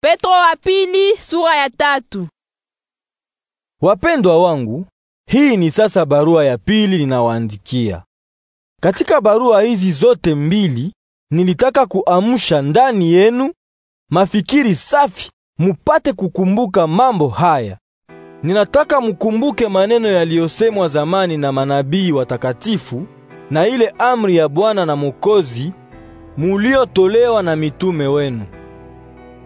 Petro wa pili, sura ya tatu. Wapendwa wangu, hii ni sasa barua ya pili ninawaandikia. Katika barua hizi zote mbili nilitaka kuamsha ndani yenu mafikiri safi, mupate kukumbuka mambo haya. Ninataka mkumbuke maneno yaliyosemwa zamani na manabii watakatifu na ile amri ya Bwana na Mwokozi muliotolewa na mitume wenu.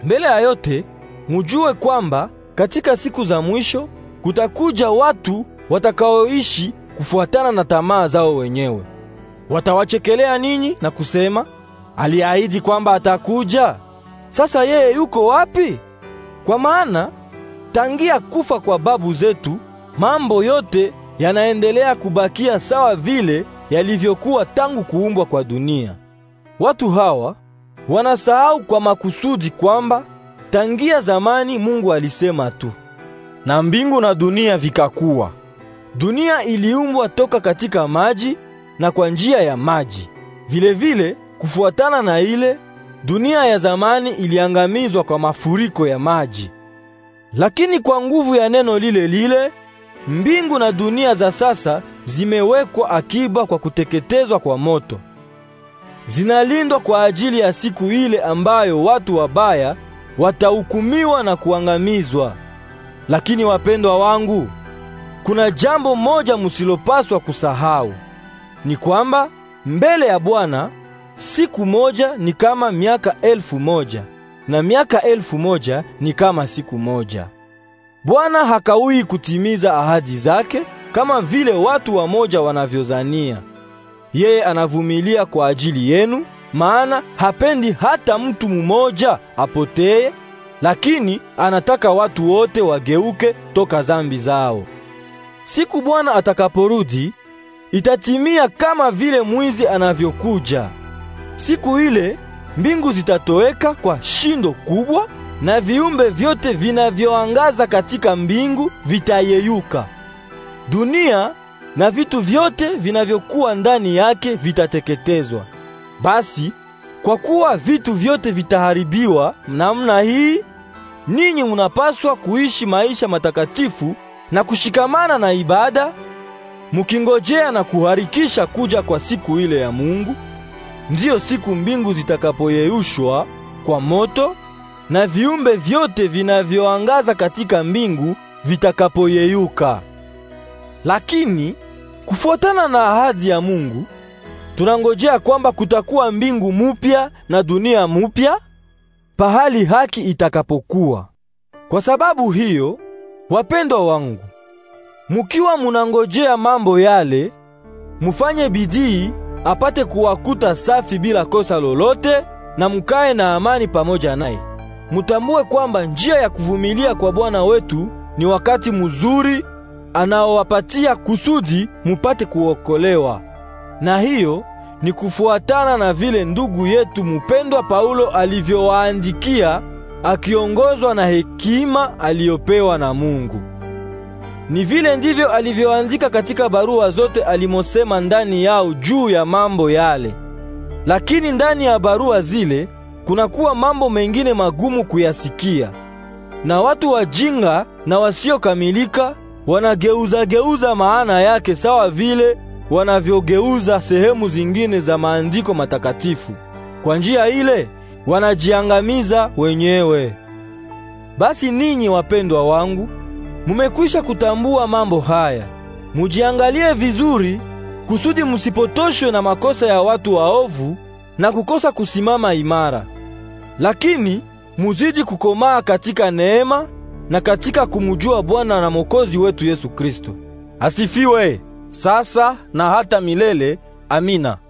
Mbele ya yote mujue kwamba katika siku za mwisho kutakuja watu watakaoishi kufuatana na tamaa zao wenyewe. Watawachekelea ninyi na kusema, aliahidi kwamba atakuja. Sasa yeye yuko wapi? Kwa maana tangia kufa kwa babu zetu, mambo yote yanaendelea kubakia sawa vile yalivyokuwa tangu kuumbwa kwa dunia. Watu hawa Wanasahau kwa makusudi kwamba tangia zamani Mungu alisema tu na mbingu na dunia vikakuwa. Dunia iliumbwa toka katika maji na kwa njia ya maji. Vilevile vile, kufuatana na ile dunia ya zamani iliangamizwa kwa mafuriko ya maji. Lakini kwa nguvu ya neno lile lile, mbingu na dunia za sasa zimewekwa akiba kwa kuteketezwa kwa moto zinalindwa kwa ajili ya siku ile ambayo watu wabaya watahukumiwa na kuangamizwa. Lakini wapendwa wangu, kuna jambo moja musilopaswa kusahau, ni kwamba mbele ya Bwana siku moja ni kama miaka elfu moja na miaka elfu moja ni kama siku moja. Bwana hakaui kutimiza ahadi zake kama vile watu wa moja wanavyozania yeye anavumilia kwa ajili yenu, maana hapendi hata mtu mmoja apotee, lakini anataka watu wote wageuke toka zambi zao. Siku Bwana atakaporudi itatimia kama vile mwizi anavyokuja. Siku ile mbingu zitatoweka kwa shindo kubwa, na viumbe vyote vinavyoangaza katika mbingu vitayeyuka. Dunia na vitu vyote vinavyokuwa ndani yake vitateketezwa. Basi kwa kuwa vitu vyote vitaharibiwa namna hii, ninyi munapaswa kuishi maisha matakatifu na kushikamana na ibada, mukingojea na kuharikisha kuja kwa siku ile ya Mungu, ndiyo siku mbingu zitakapoyeyushwa kwa moto na viumbe vyote vinavyoangaza katika mbingu vitakapoyeyuka. Lakini Kufuatana na ahadi ya Mungu, tunangojea kwamba kutakuwa mbingu mupya na dunia mupya pahali haki itakapokuwa. Kwa sababu hiyo, wapendwa wangu, mukiwa munangojea mambo yale, mufanye bidii apate kuwakuta safi bila kosa lolote na mukae na amani pamoja naye. Mutambue kwamba njia ya kuvumilia kwa Bwana wetu ni wakati mzuri anaowapatia kusudi mupate kuokolewa. Na hiyo ni kufuatana na vile ndugu yetu mupendwa Paulo alivyowaandikia akiongozwa na hekima aliyopewa na Mungu. Ni vile ndivyo alivyoandika katika barua zote alimosema ndani yao juu ya mambo yale. Lakini ndani ya barua zile kunakuwa mambo mengine magumu kuyasikia, na watu wajinga na wasiokamilika wanageuza-geuza maana yake sawa vile wanavyogeuza sehemu zingine za maandiko matakatifu. Kwa njia ile wanajiangamiza wenyewe. Basi ninyi wapendwa wangu, mumekwisha kutambua mambo haya, mujiangalie vizuri kusudi musipotoshwe na makosa ya watu waovu na kukosa kusimama imara, lakini muzidi kukomaa katika neema na katika kumjua Bwana na Mwokozi wetu Yesu Kristo. Asifiwe sasa na hata milele. Amina.